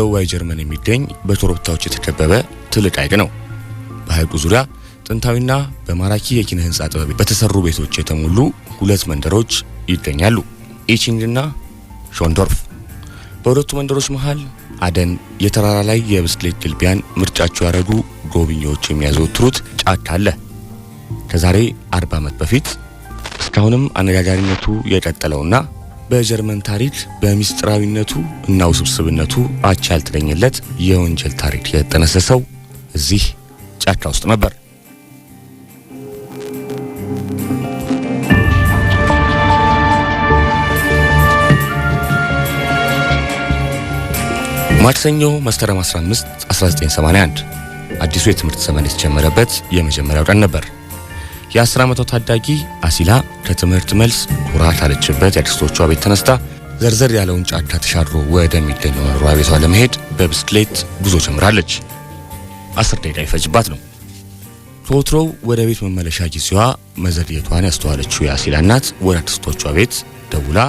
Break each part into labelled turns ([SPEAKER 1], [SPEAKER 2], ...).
[SPEAKER 1] በደቡባዊ ጀርመን የሚገኝ በኮረብታዎች የተከበበ ትልቅ ሐይቅ ነው። በሐይቁ ዙሪያ ጥንታዊና በማራኪ የኪነ ህንፃ ጥበብ በተሰሩ ቤቶች የተሞሉ ሁለት መንደሮች ይገኛሉ፣ ኢቺንግ እና ሾንዶርፍ። በሁለቱ መንደሮች መሃል አደን የተራራ ላይ የብስክሌት ግልቢያን ምርጫቸው ያደረጉ ጎብኚዎች የሚያዘወትሩት ጫካ አለ። ከዛሬ 40 ዓመት በፊት እስካሁንም አነጋጋሪነቱ የቀጠለውና በጀርመን ታሪክ በሚስጥራዊነቱ እና ውስብስብነቱ አቻ ያልተገኘለት የወንጀል ታሪክ የተጠነሰሰው እዚህ ጫካ ውስጥ ነበር። ማክሰኞ መስከረም 15 1981 አዲሱ የትምህርት ዘመን የተጀመረበት የመጀመሪያው ቀን ነበር። የ10 ዓመቷ ታዳጊ አሲላ ከትምህርት መልስ ኩራ ካለችበት የአክስቶቿ ቤት ተነስታ ዘርዘር ያለውን ጫካ ተሻድሮ ወደሚገኘው መኖሪያ ቤቷ ለመሄድ በብስክሌት ጉዞ ጀምራለች። አስር ደቂቃ ይፈጅባት ነው። ከወትሮው ወደ ቤት መመለሻ ጊዜዋ መዘግየቷን ያስተዋለችው የአሲላ እናት ወደ አክስቶቿ ቤት ደውላ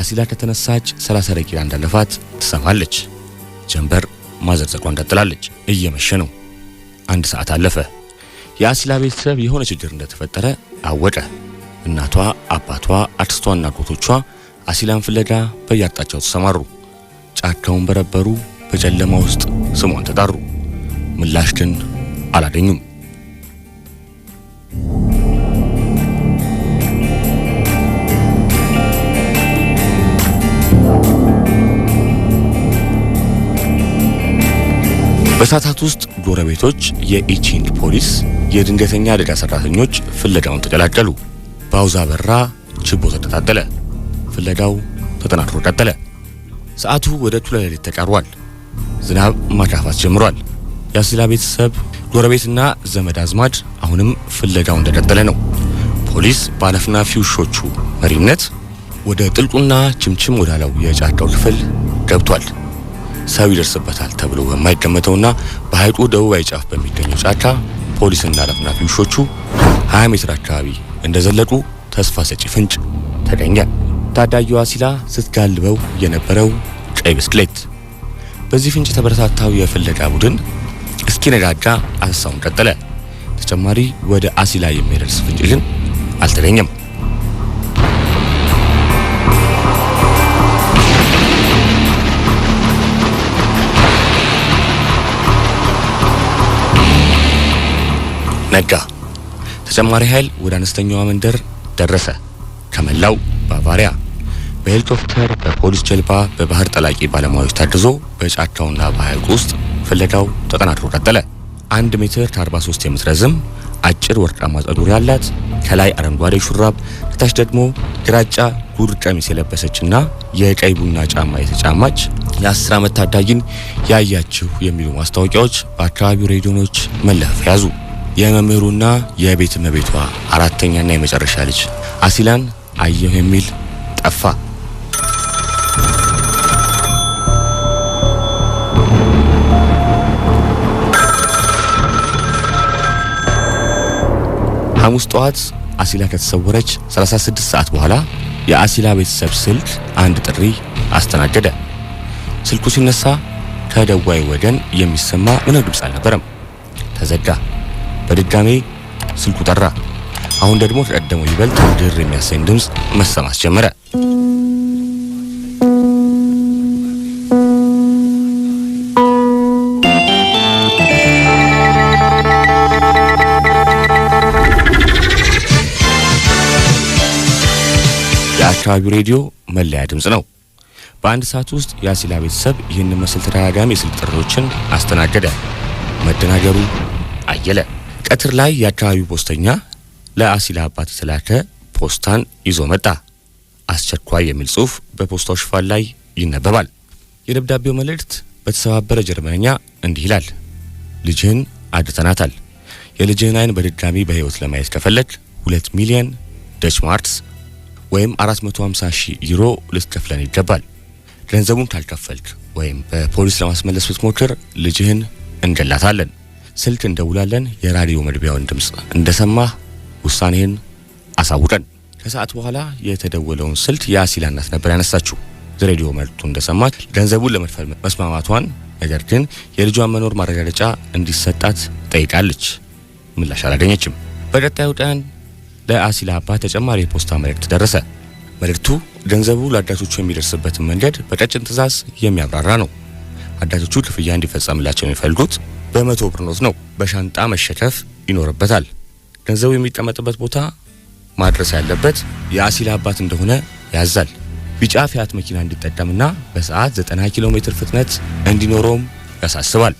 [SPEAKER 1] አሲላ ከተነሳች 30 ደቂቃ እንዳለፋት ትሰማለች። ጀንበር ማዘርዘቋ እንዳጥላለች እየመሸ ነው። አንድ ሰዓት አለፈ። የአሲላ ቤተሰብ የሆነ ችግር እንደተፈጠረ አወቀ። እናቷ፣ አባቷ፣ አክስቷና ጎቶቿ አሲላን ፍለጋ በያጣቸው ተሰማሩ። ጫካውን በረበሩ። በጨለማ ውስጥ ስሟን ተጣሩ። ምላሽ ግን አላገኙም። በሰዓታት ውስጥ ጎረቤቶች፣ የኢቺንግ ፖሊስ፣ የድንገተኛ አደጋ ሰራተኞች ፍለጋውን ተቀላቀሉ። ባውዛ በራ፣ ችቦ ተቀጣጠለ። ፍለጋው ተጠናክሮ ቀጠለ። ሰዓቱ ወደ እኩለ ሌሊት ተቃርቧል። ዝናብ ማካፋት ጀምሯል። የአስላ ቤተሰብ ጎረቤትና ዘመድ አዝማድ አሁንም ፍለጋው እንደቀጠለ ነው። ፖሊስ በአነፍናፊ ውሾቹ መሪነት ወደ ጥልቁና ችምችም ወዳለው የጫካው ክፍል ገብቷል። ሰው ይደርስበታል ተብሎ በማይገመተውና በሐይቁ ደቡባዊ ጫፍ በሚገኘው ጫካ ፖሊስና አላፍናፊ ውሾቹ 20 ሜትር አካባቢ እንደዘለቁ ተስፋ ሰጪ ፍንጭ ተገኘ። ታዳጊዋ ሲላ ስትጋልበው የነበረው ቀይ ብስክሌት። በዚህ ፍንጭ የተበረታታው የፍለጋ ቡድን እስኪነጋጋ አሰሳውን ቀጠለ። ተጨማሪ ወደ አሲላ የሚደርስ ፍንጭ ግን አልተገኘም። ነጋ። ተጨማሪ ኃይል ወደ አነስተኛዋ መንደር ደረሰ። ከመላው ባቫሪያ በሄሊኮፕተር በፖሊስ ጀልባ፣ በባህር ጠላቂ ባለሙያዎች ታድዞ በጫካውና በሐይቁ ውስጥ ፍለጋው ተጠናክሮ ቀጠለ። አንድ ሜትር ከ43 የምትረዝም አጭር ወርቃማ ጸጉር ያላት ከላይ አረንጓዴ ሹራብ ከታች ደግሞ ግራጫ ጉድ ቀሚስ የለበሰችና የቀይ ቡና ጫማ የተጫማች የ10 ዓመት ታዳጊን ያያችሁ የሚሉ ማስታወቂያዎች በአካባቢው ሬዲዮኖች መለፍ ያዙ። የመምህሩና የቤት እመቤቷ አራተኛና የመጨረሻ ልጅ አሲላን አየሁ የሚል ጠፋ። ሐሙስ ጠዋት አሲላ ከተሰወረች 36 ሰዓት በኋላ የአሲላ ቤተሰብ ስልክ አንድ ጥሪ አስተናገደ። ስልኩ ሲነሳ ከደዋይ ወገን የሚሰማ ምንም ድምፅ አልነበረም፣ ተዘጋ። በድጋሜ ስልኩ ጠራ። አሁን ደግሞ ተቀደመው ይበልጥ ድር የሚያሰኝ ድምፅ መሰማት ጀመረ። የአካባቢው ሬዲዮ መለያ ድምፅ ነው። በአንድ ሰዓት ውስጥ የአሲላ ቤተሰብ ይህን መሰል ተደጋጋሚ የስልክ ጥሪዎችን አስተናገደ። መደናገሩ አየለ። ቀትር ላይ የአካባቢው ፖስተኛ ለአሲላ አባት የተላከ ፖስታን ይዞ መጣ። አስቸኳይ የሚል ጽሑፍ በፖስታው ሽፋን ላይ ይነበባል። የደብዳቤው መልእክት በተሰባበረ ጀርመንኛ እንዲህ ይላል። ልጅህን አድተናታል። የልጅህን አይን በድጋሚ በሕይወት ለማየት ከፈለግ ሁለት ሚሊዮን ደች ማርክስ ወይም 450 ሺህ ዩሮ ልትከፍለን ይገባል። ገንዘቡን ካልከፈልክ ወይም በፖሊስ ለማስመለስ ብትሞክር ልጅህን እንገላታለን። ስልክ እንደውላለን። የራዲዮ መግቢያውን ድምፅ እንደሰማህ ውሳኔህን አሳውቀን። ከሰዓት በኋላ የተደወለውን ስልክ የአሲላ እናት ነበር ያነሳችው። ሬዲዮ መልቱ እንደሰማች ገንዘቡን ለመድፈር መስማማቷን፣ ነገር ግን የልጇን መኖር ማረጋገጫ እንዲሰጣት ጠይቃለች። ምላሽ አላገኘችም። በቀጣዩ ቀን ለአሲላ አባት ተጨማሪ የፖስታ መልእክት ደረሰ። መልእክቱ ገንዘቡ ለአዳቶቹ የሚደርስበትን መንገድ በቀጭን ትዕዛዝ የሚያብራራ ነው። አዳጆቹ ክፍያ እንዲፈጸምላቸው የሚፈልጉት በመቶ ብር ኖት ነው። በሻንጣ መሸከፍ ይኖርበታል። ገንዘቡ የሚቀመጥበት ቦታ ማድረስ ያለበት የአሲል አባት እንደሆነ ያዛል። ቢጫ ፊያት መኪና እንዲጠቀምና በሰዓት 90 ኪሎ ሜትር ፍጥነት እንዲኖረውም ያሳስባል።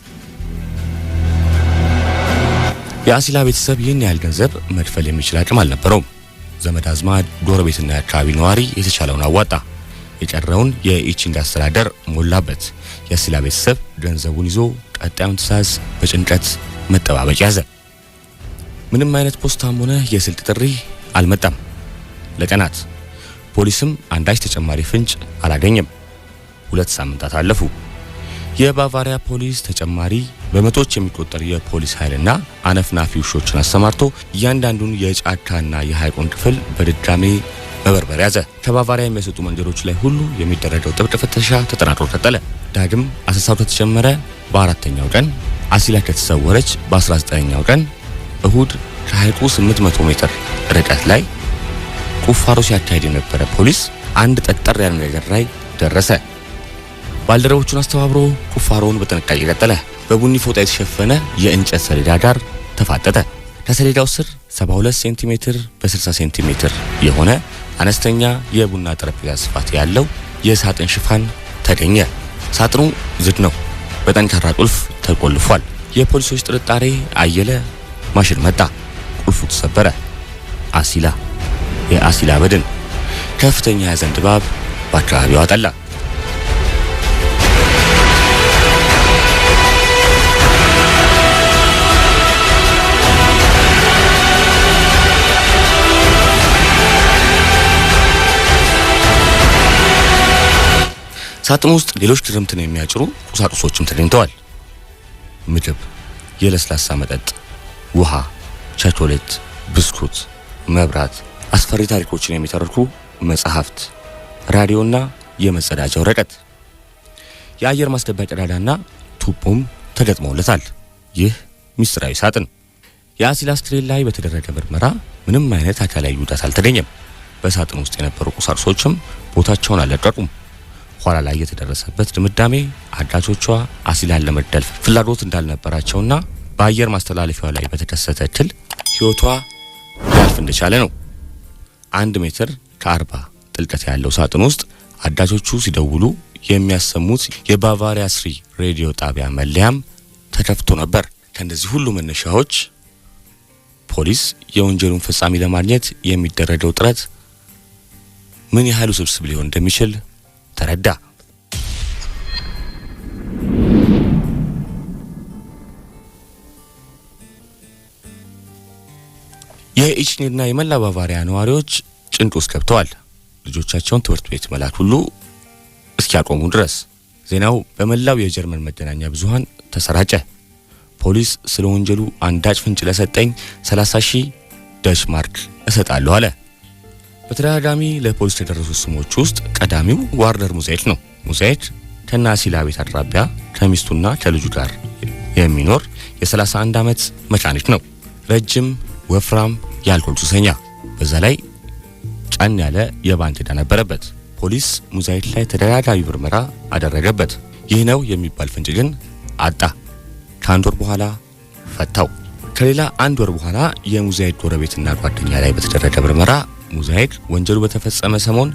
[SPEAKER 1] የአሲላ ቤተሰብ ይህን ያህል ገንዘብ መክፈል የሚችል አቅም አልነበረውም። ዘመድ አዝማድ፣ ጎረቤትና የአካባቢ ነዋሪ የተቻለውን አዋጣ። የቀረውን የኢቺንግ አስተዳደር ሞላበት። የስላ ቤተሰብ ገንዘቡን ይዞ ቀጣዩን ትዕዛዝ በጭንቀት መጠባበቅ ያዘ። ምንም አይነት ፖስታም ሆነ የስልክ ጥሪ አልመጣም። ለቀናት ፖሊስም አንዳች ተጨማሪ ፍንጭ አላገኘም። ሁለት ሳምንታት አለፉ። የባቫሪያ ፖሊስ ተጨማሪ በመቶዎች የሚቆጠር የፖሊስ ኃይልና አነፍናፊ ውሾችን አሰማርቶ እያንዳንዱን የጫካና የሐይቁን ክፍል በድጋሜ መበርበር ያዘ። ተባባሪያ የሚያሰጡ መንደሮች ላይ ሁሉ የሚደረገው ጥብቅ ፍተሻ ተጠናክሮ ቀጠለ። ዳግም አሰሳው ከተጀመረ በአራተኛው ቀን አሲላ ከተሰወረች በ19ኛው ቀን እሁድ ከሐይቁ 800 ሜትር ርቀት ላይ ቁፋሮ ሲያካሄድ የነበረ ፖሊስ አንድ ጠጠር ያለ ነገር ላይ ደረሰ። ባልደረቦቹን አስተባብሮ ቁፋሮውን በጥንቃቄ ቀጠለ። በቡኒ ፎጣ የተሸፈነ የእንጨት ሰሌዳ ጋር ተፋጠጠ። ከሰሌዳው ስር 72 ሴንቲሜትር በ60 ሴንቲሜትር የሆነ አነስተኛ የቡና ጠረጴዛ ስፋት ያለው የሳጥን ሽፋን ተገኘ። ሳጥኑ ዝድ ነው፣ በጠንካራ ቁልፍ ተቆልፏል። የፖሊሶች ጥርጣሬ አየለ። ማሽን መጣ፣ ቁልፉ ተሰበረ። አሲላ የአሲላ በድን ከፍተኛ ያዘን ድባብ በአካባቢው አጠላ። ሳጥን ውስጥ ሌሎች ድርምትን የሚያጭሩ ቁሳቁሶችም ተገኝተዋል። ምግብ፣ የለስላሳ መጠጥ፣ ውሃ፣ ቸኮሌት፣ ብስኩት፣ መብራት፣ አስፈሪ ታሪኮችን የሚተርኩ መጽሐፍት፣ ራዲዮና የመጸዳጃ ወረቀት፣ የአየር ማስደቢያ ቀዳዳና ቱቦም ተገጥመውለታል። ይህ ሚስጥራዊ ሳጥን የአሲል አስክሬን ላይ በተደረገ ምርመራ ምንም አይነት አካላዊ ጉዳት አልተገኘም። በሳጥን ውስጥ የነበሩ ቁሳቁሶችም ቦታቸውን አልለቀቁም። ኋላ ላይ የተደረሰበት ድምዳሜ አዳቾቿ አሲላን ለመደልፍ ፍላጎት እንዳልነበራቸውና በአየር ማስተላለፊያ ላይ በተከሰተ ትል ህይወቷ ሊያልፍ እንደቻለ ነው። አንድ ሜትር ከአርባ ጥልቀት ያለው ሳጥን ውስጥ አዳቾቹ ሲደውሉ የሚያሰሙት የባቫሪያ ስሪ ሬዲዮ ጣቢያ መለያም ተከፍቶ ነበር። ከእነዚህ ሁሉ መነሻዎች ፖሊስ የወንጀሉን ፍጻሜ ለማግኘት የሚደረገው ጥረት ምን ያህል ውስብስብ ሊሆን እንደሚችል ተረዳ። የኢችኔርና የመላ ባቫሪያ ነዋሪዎች ጭንቅ ውስጥ ገብተዋል። ልጆቻቸውን ትምህርት ቤት መላክ ሁሉ እስኪያቆሙ ድረስ ዜናው በመላው የጀርመን መገናኛ ብዙኃን ተሰራጨ። ፖሊስ ስለ ወንጀሉ አንዳች ፍንጭ ለሰጠኝ 30 ሺህ ደሽማርክ እሰጣለሁ አለ። በተደጋጋሚ ለፖሊስ የደረሱ ስሞች ውስጥ ቀዳሚው ዋርደር ሙዛየት ነው። ሙዛይድ ከናሲላ ቤት አቅራቢያ ከሚስቱና ከልጁ ጋር የሚኖር የ31 ዓመት መካኒክ ነው። ረጅም፣ ወፍራም፣ የአልኮል ሱሰኛ፣ በዛ ላይ ጫን ያለ የባንክ ዕዳ ነበረበት። ፖሊስ ሙዛየት ላይ ተደጋጋሚ ምርመራ አደረገበት። ይህ ነው የሚባል ፍንጭ ግን አጣ። ከአንድ ወር በኋላ ፈታው። ከሌላ አንድ ወር በኋላ የሙዛይድ ጎረቤትና ጓደኛ ላይ በተደረገ ምርመራ ሙዛይክ ወንጀሉ በተፈጸመ ሰሞን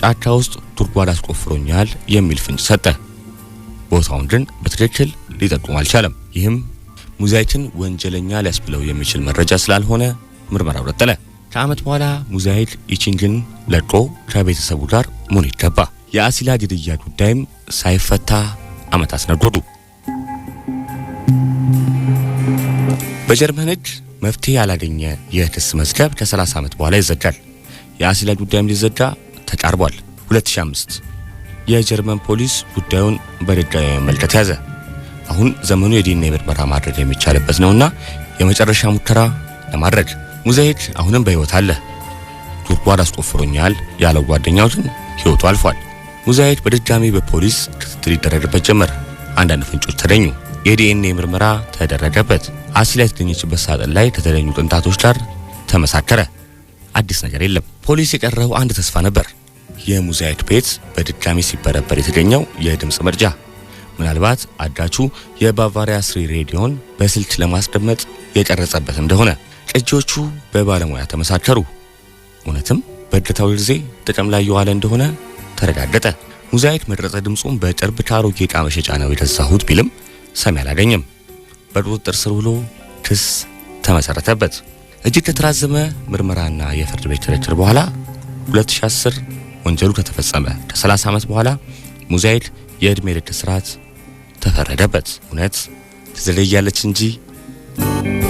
[SPEAKER 1] ጫካ ውስጥ ጉድጓድ አስቆፍሮኛል የሚል ፍንጭ ሰጠ። ቦታውን ግን በትክክል ሊጠቁም አልቻለም። ይህም ሙዛይክን ወንጀለኛ ሊያስብለው የሚችል መረጃ ስላልሆነ ምርመራው ቀጠለ። ከዓመት በኋላ ሙዛይክ ኢቺንግን ለቆ ከቤተሰቡ ጋር ሙኒክ ገባ። የአሲላ ግድያ ጉዳይም ሳይፈታ ዓመታት አስነጎዱ። በጀርመን ሕግ መፍትሄ ያላገኘ የክስ መዝገብ ከ30 ዓመት በኋላ ይዘጋል። የአሲላ ጉዳይም ሊዘጋ ተቃርቧል። 2005 የጀርመን ፖሊስ ጉዳዩን በድጋሚ መመልከት ያዘ። አሁን ዘመኑ የዲኤንኤ ምርመራ ማድረግ የሚቻልበት ነውና የመጨረሻ ሙከራ ለማድረግ ሙዛይክ አሁንም በህይወት አለ። ጉድጓድ አስቆፍሮኛል ያለው ጓደኛው ግን አልፏል። ሙዛይክ በድጋሚ በፖሊስ ክትትል ይደረግበት ጀመር። አንዳንድ ፍንጮች ተገኙ። የዲኤንኤ ምርመራ ተደረገበት። አሲላ የተገኘችበት ሳጥን ላይ ከተለኙ ቅንጣቶች ጋር ተመሳከረ። አዲስ ነገር የለም። ፖሊስ የቀረው አንድ ተስፋ ነበር፣ የሙዛይክ ቤት በድጋሚ ሲበረበር የተገኘው የድምፅ መርጃ። ምናልባት አዳቹ የባቫሪያ ስሪ ሬዲዮን በስልክ ለማስደመጥ የቀረጸበት እንደሆነ ቅጂዎቹ በባለሙያ ተመሳከሩ። እውነትም በእገታው ጊዜ ጥቅም ላይ የዋለ እንደሆነ ተረጋገጠ። ሙዛይክ መድረጸ ድምፁን በቅርብ ከአሮጌ ዕቃ መሸጫ ነው የገዛሁት ቢልም ሰሚ አላገኘም። በቁጥጥር ስር ውሎ ክስ ተመሰረተበት። እጅግ ከተራዘመ ምርመራና የፍርድ ቤት ክርክር በኋላ 2010 ወንጀሉ ከተፈጸመ ከ30 ዓመት በኋላ ሙዛይል የእድሜ ልክ እስራት ተፈረደበት። እውነት ትዘለያለች እንጂ